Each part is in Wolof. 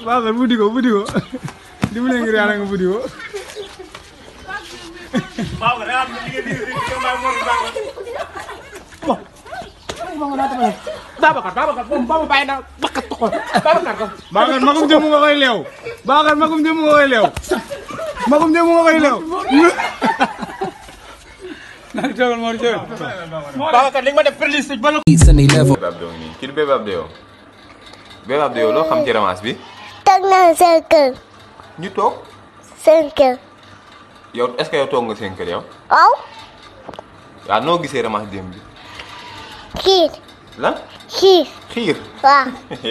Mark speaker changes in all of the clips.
Speaker 1: Baasal buddi ko buddi ko dimbalee ngir yàlla nga buddi ko. Babacar Babacar moom ba ma bàyyi na bakkat ko Babacar ko. Babacar magum jëmm nga koy leew. Babacar magum jëmm nga koy leew. magum jëmm nga koy leew. Babacar li nga ma def prélice ba la. kii du Bébé Abdeo Bébé Abdeo loo xam ci ramas bi. toog naa seen kër. ñu toog. seen kër. yow est-ce que toog nga seen kër yow. waaw. waaw noo gisee ramas démb bi. xiir. xiir. xiir. waaw.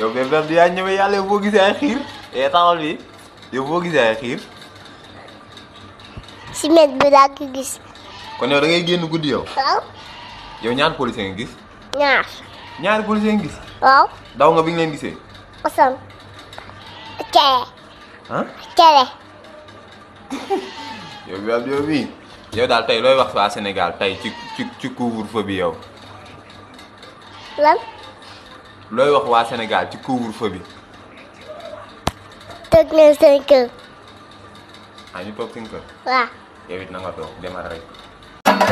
Speaker 1: yow Bébé Abdeo yaa ñëwee yàlla yow boo gisee ay xiir eh, yow boo gisee ay xiir. si met bi laa ko gis. kon yow dangay génn guddi yow. waaw. yow ñaar policier nga gis. ñaar. ñaari policier nga gis. waaw. daw nga bi nga leen gisee. asan. cere. ah cere. yow bi yow bi yow daal tey looy wax waa senegal tey ci ci ci couvre-feu bi yow. looy wax waa senegal ci couvre-feu bi. toog nañ seen kër. Ah, toog seen kër. yow it na toog demal rek.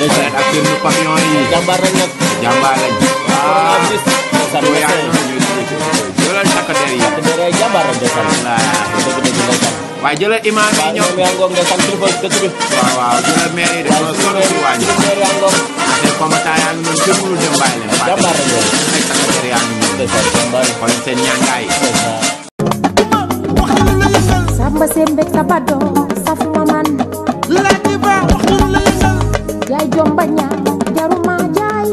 Speaker 1: Sampai akhir nu paknoi. Jambaran Jambaran. jambaran terus jambaran. Jambaran. jambaran. yaay jomba ñaay jaruma jaay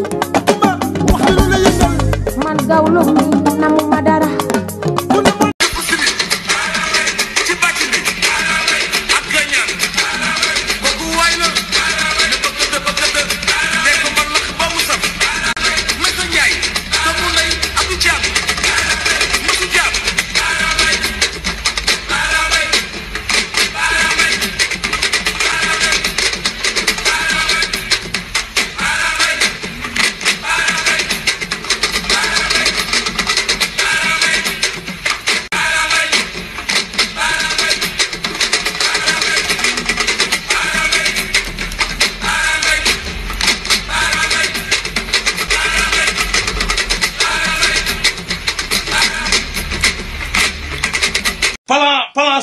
Speaker 1: man gawlo mi namu ma dara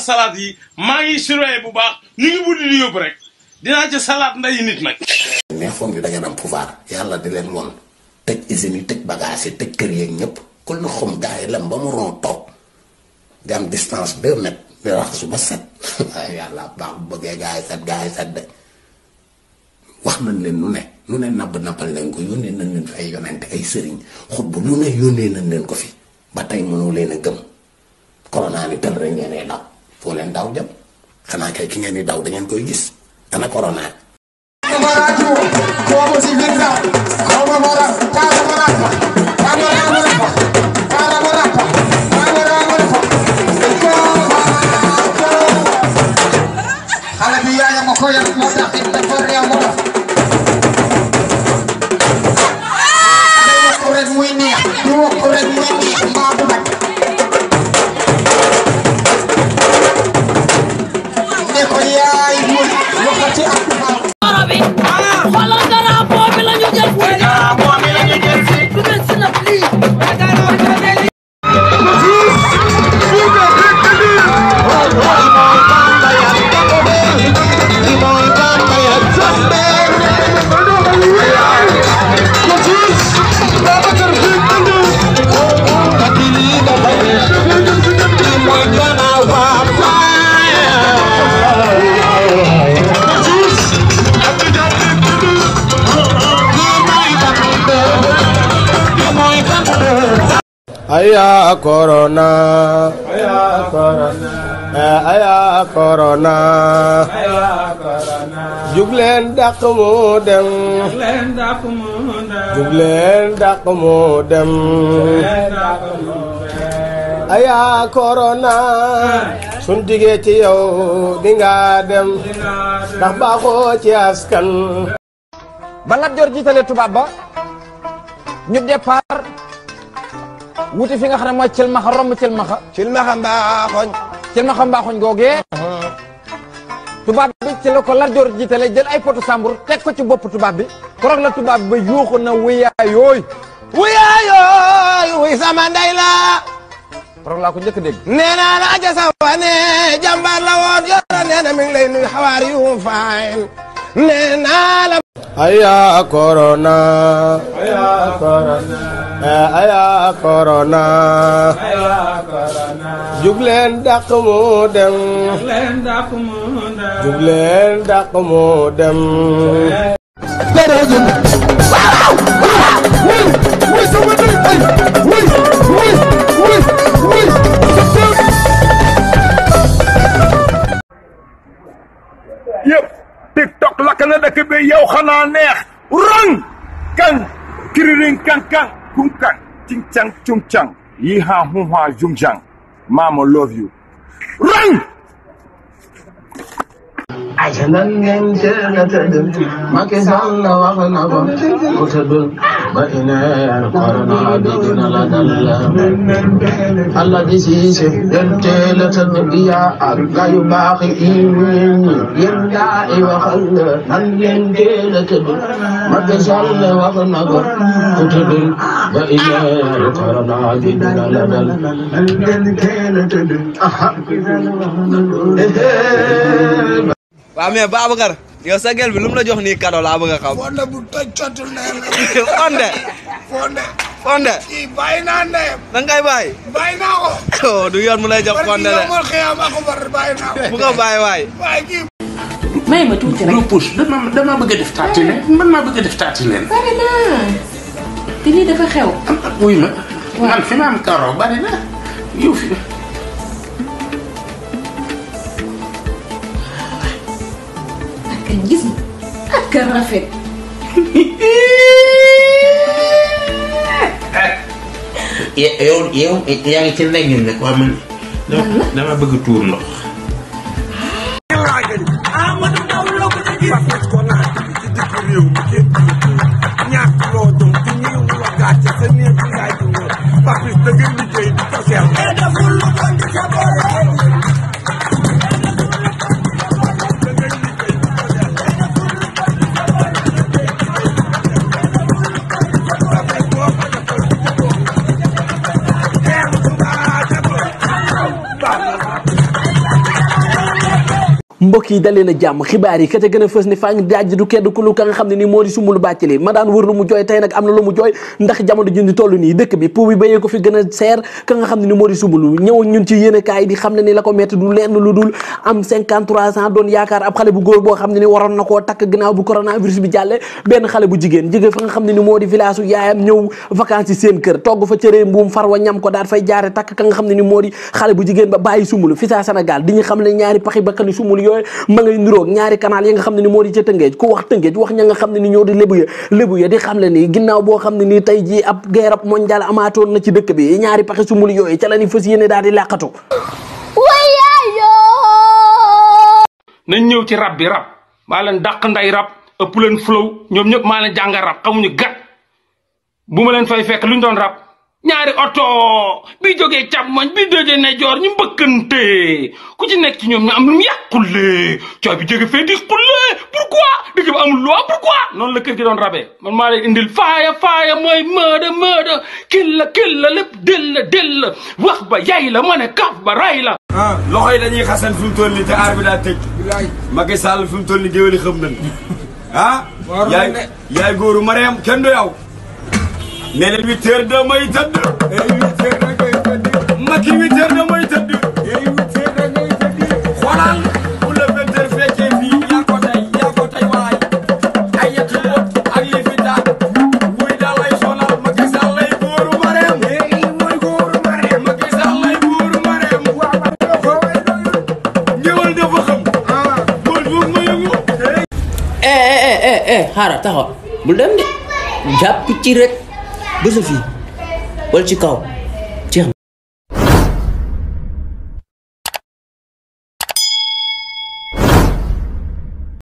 Speaker 1: salaat yi maa ngi surveiller bu baax ñu ngi buddi di yóbbu rek dinaa ci salaat ndayi nit nag. mais foog ñu da ngeen am pouvoir yàlla di leen woon tëj usines yi tëj bagages yi tëj kër yeeg ñëpp kon lu xum gars yi lam ba am distance deux mètres di wax suba set waaye yàlla wax nañ leen nu ne. lu ne nabb nabbal leen ko yónnee nañ leen fi ay yonente ay sëriñ xutbu lu ne yónnee nañ leen ko fi ba tey mënoo leen a gëm corona ni tël rek ngeen ay foo leen daaw jëm xanaa kay ki ngeen yi daw da ngeen koy gis ana corona. xale bi yaayam a ko yar moo tax it dafa réew moo tax Aya corona. Aya corona. Eh, aya mu dem. jugleen dàq eh. sun digee ci yow dinga nga dem. ndax baaxoo ci askan. ba Lat Joor jiitale tubaab ba ñu départ. wuti fi nga xam ne mooy cilmaxa romb cilmaxa cilmaxa mbaaxoñ cilmaxa mbaaxoñ googee uh-huh. tubaab bi ci la ko Lat jiitale jël ay potu sàmbur teg ko ci bopp tubaab bi korog la tubaab bi ba yuuxu na wuyaa yooy wuy sama ndey la korog laa ko njëkk dégg nee la aja sa wane jàmbaar la woon yoro nee na lay nuyu xawaar yu faayil nee la Aya corona, aya corona, aya mu dem, jugleen dàq mu dem, tiktok lakk na dëkk bi yow xanaa neex rang kan kiririn kankan kunkan cincang cungcang yiha huha jungjang mama love you rang ajalan ngeen teel a tëdd Macky Sall la wax na ko ku tëddul ba ineer corona bi dina la dal Alaaji Siise ngeen teel a tëdd yaa ak gaa yu baax yi ngeen ñi yéen daa yi waxal la nan ngeen teel a tëdd Macky Sall la wax na ko ku tëddul ba ineer corona bi dina la dal nan ngeen teel a tëdd waaw mais Babacar yow sa gel bi lu mu la jox ni cadeau laa bëgg a xam. fonde bu toj jotul na yàlla. fonde. fonde. fonde. kii bàyyi naa ndeyam. da naa ko. Oh, du yoon mu lay jox fonde de. man kii yow may ma tuuti rek. repousse dama dama bëgg a def taati man maa def taati te lii dafa xew. man fi ma karo bari na fi agar Rafid yow yow yaa ngi lagi, lengin kau waa man dama bëgg tuur ndox mbokk yi dalee na jàmm xibaar yi kate gën a fës ni faa nga xam ne ni moo di sumbulu a yaayam ñëw vacances seen kër togg fa cëree mbuum far wa ñam ko daal fay jaare takk ka nga xam ne ni moo di xale bu jigéen ba bàyyi sumbulu fi saa di ñu xam ne ñaari paxi bakkani sumbulu yooyu ma ngay nuroog ñaari kanaal yi nga xam ne ni moo di ca tëngeej ku wax tëngeej wax ña nga xam ne ni ñoo di lébu ya lébu ya di xam le nii ginnaaw boo xam ne nii tey jii ab guerre mondial amaatoon na ci dëkk bi ñaari paxe sumul yooyu ca la ni fas yéene daal di làqatu ñëw ci rab bi rab maa leen dàq nday rab ëpp leen flow ñoom ñëpp maa leen jàngal rab xamuñu gat bu ma leen fay fekk luñ doon rab ñaari oto bi jógee càmmoñ bi dojee ne joor ñu mbëkkante ku ci nekk ci ñoom ñu am lu mu yàqule caabi jóge fee di xulle pourquoi dëgg ba amul loi pourquoi noonu la kër gi doon rabee man maa lay indil faaya faaya mooy mëda mëda killa killa lépp della della wax ba yay la ma ne kaaf ba ray la ah loxo yi dañuy xasan fi mu toll te aar bi daa tëj Macky Sall fi mu toll nii géwéli xam nañ ah yaay góoru Mariam kenn du yow nee na huit heures damay tëdd. Eh, huit heures dangay tëdd. Macky huit heures damay tëdd. huit heures dangay tëdd. xoolal bu la vingt heures fekkee fii yaa ko tey yaa ko tey waay ay yettu bopp ak li fi daal buy daal lay sonal Macky Sall lay góoru mareem. mooy góoru mareem. Macky Sall lay góoru mareem. waaw ñëwal dafa xam. ah góor góor ma yëngu. eh eh eh xaaral taxaw bul dem de jàpp ci rek. Buzzfeed, Political,